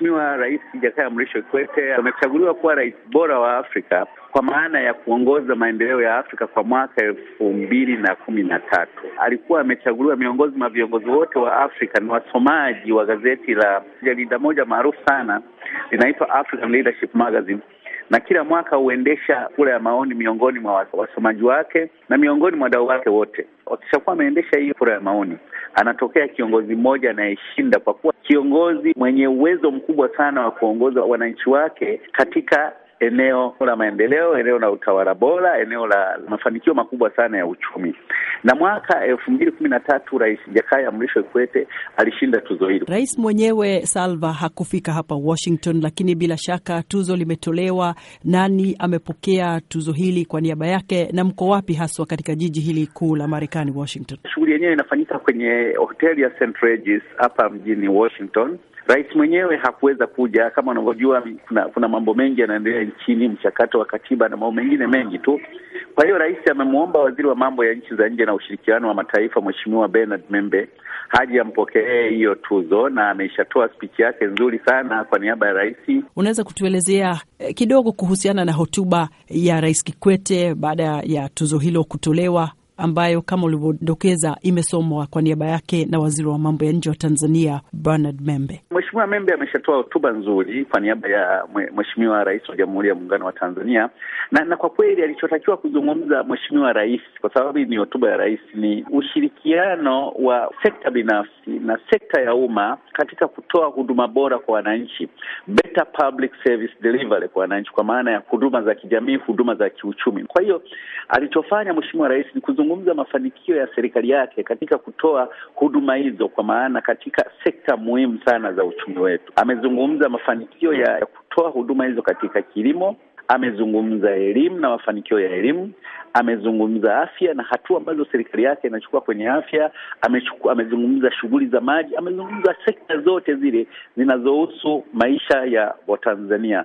Mheshimiwa Rais Jakaya Mrisho Kikwete amechaguliwa kuwa rais bora wa Afrika kwa maana ya kuongoza maendeleo ya Afrika kwa mwaka elfu mbili na kumi na tatu. Alikuwa amechaguliwa miongozi mwa viongozi wote wa Afrika. Ni wasomaji wa gazeti la jarida moja maarufu sana linaitwa African Leadership Magazine na kila mwaka huendesha kura ya maoni miongoni mwa wasomaji wake na miongoni mwa wadau wake wote. Wakishakuwa ameendesha hiyo kura ya maoni, anatokea kiongozi mmoja anayeshinda, kwa kuwa kiongozi mwenye uwezo mkubwa sana wa kuongoza wananchi wake katika eneo la maendeleo, eneo la utawala bora, eneo la mafanikio makubwa sana ya uchumi. Na mwaka elfu mbili kumi na tatu Rais Jakaya Mrisho Kikwete alishinda tuzo hilo. Rais mwenyewe Salva hakufika hapa Washington, lakini bila shaka tuzo limetolewa. Nani amepokea tuzo hili kwa niaba yake, na mko wapi haswa katika jiji hili kuu la Marekani, Washington? Shughuli yenyewe inafanyika kwenye hoteli ya St. Regis hapa mjini Washington. Rais mwenyewe hakuweza kuja, kama unavyojua kuna, kuna mambo mengi yanaendelea nchini, mchakato wa katiba na mambo mengine mengi tu. Kwa hiyo rais amemwomba waziri wa mambo ya nchi za nje na ushirikiano wa mataifa Mheshimiwa Bernard Membe haji ampokee hiyo tuzo, na ameshatoa spichi yake nzuri sana kwa niaba ya rais. Unaweza kutuelezea eh, kidogo kuhusiana na hotuba ya Rais Kikwete baada ya tuzo hilo kutolewa? ambayo kama ulivyodokeza imesomwa kwa niaba yake na waziri wa mambo ya nje wa Tanzania Bernard Membe. Mheshimiwa Membe ameshatoa hotuba nzuri kwa niaba ya Mheshimiwa Rais wa Jamhuri ya Muungano wa Tanzania na, na kwa kweli alichotakiwa kuzungumza Mheshimiwa Rais, kwa sababu hii ni hotuba ya rais, ni ushirikiano wa sekta binafsi na sekta ya umma katika kutoa huduma bora kwa wananchi, better public service delivery kwa wananchi, kwa maana ya huduma za kijamii, huduma za kiuchumi. Kwa hiyo alichofanya Mheshimiwa Rais ni kuzungumza mafanikio ya serikali yake katika kutoa huduma hizo, kwa maana katika sekta muhimu sana za uchumi wetu. Amezungumza mafanikio ya kutoa huduma hizo katika kilimo, Amezungumza elimu na mafanikio ya elimu, amezungumza afya na hatua ambazo serikali yake inachukua kwenye afya, amechukua, amezungumza shughuli za maji, amezungumza sekta zote zile zinazohusu maisha ya Watanzania,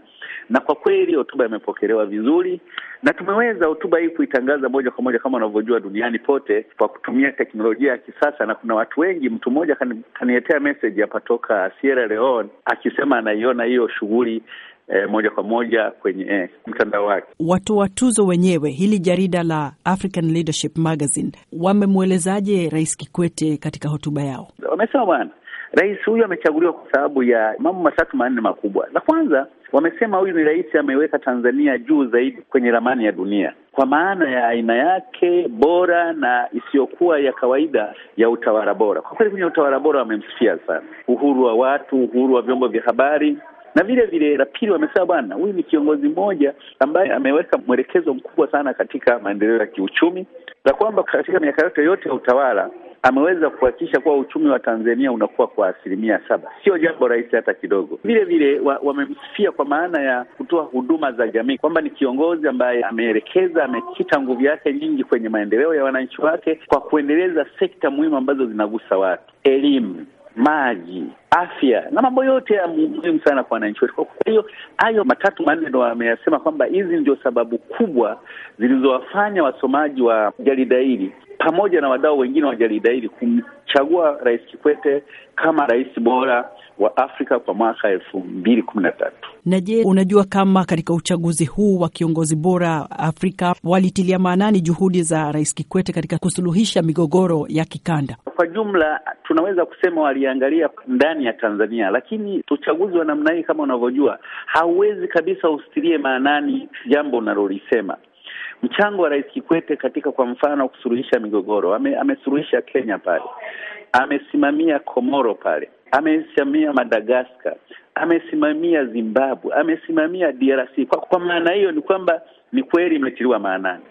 na kwa kweli hotuba imepokelewa vizuri, na tumeweza hotuba hii kuitangaza moja kwa moja kama unavyojua duniani pote kwa kutumia teknolojia ya kisasa, na kuna watu wengi. Mtu mmoja kaniletea meseji hapa toka Sierra Leone akisema anaiona hiyo shughuli eh, moja kwa moja kwenye eh, mtandao wake. Watoa tuzo wenyewe, hili jarida la African Leadership Magazine, wamemwelezaje Rais Kikwete katika hotuba yao? Wamesema bwana rais huyu amechaguliwa kwa sababu ya mambo matatu manne makubwa. La kwanza wamesema huyu ni rais ameweka Tanzania juu zaidi kwenye ramani ya dunia kwa maana ya aina yake bora na isiyokuwa ya kawaida ya utawala bora. Kwa kweli kwenye utawala bora wamemsifia sana, uhuru wa watu, uhuru wa vyombo vya habari, na vile vile la pili, wamesema bwana, huyu ni kiongozi mmoja ambaye ameweka mwelekezo mkubwa sana katika maendeleo ya kiuchumi, na kwamba katika miaka yote yote ya utawala ameweza kuhakikisha kuwa uchumi wa Tanzania unakuwa kwa asilimia saba. Sio jambo rahisi hata kidogo. Vile vile wamemsifia wa kwa maana ya kutoa huduma za jamii, kwamba ni kiongozi ambaye ameelekeza, amekita nguvu yake nyingi kwenye maendeleo ya wananchi wake kwa kuendeleza sekta muhimu ambazo zinagusa watu, elimu maji, afya na mambo yote ya muhimu sana kwa wananchi wetu. Kwa hiyo hayo matatu manne ndo wameyasema kwamba hizi ndio sababu kubwa zilizowafanya wasomaji wa jarida hili pamoja na wadau wengine wa jarida hili kumchagua Rais Kikwete kama rais bora wa Afrika kwa mwaka elfu mbili kumi na tatu. Na je, unajua kama katika uchaguzi huu wa kiongozi bora Afrika walitilia maanani juhudi za Rais Kikwete katika kusuluhisha migogoro ya kikanda? Kwa jumla tunaweza kusema waliangalia ndani ya Tanzania, lakini uchaguzi wa namna hii kama unavyojua hauwezi kabisa usitilie maanani jambo unalolisema mchango wa Rais Kikwete katika kwa mfano kusuluhisha migogoro. Amesuluhisha ame Kenya pale, amesimamia Komoro pale, amesimamia Madagaskar, amesimamia Zimbabwe, amesimamia DRC. Kwa, kwa maana hiyo ni kwamba ni kweli imetiliwa maanani.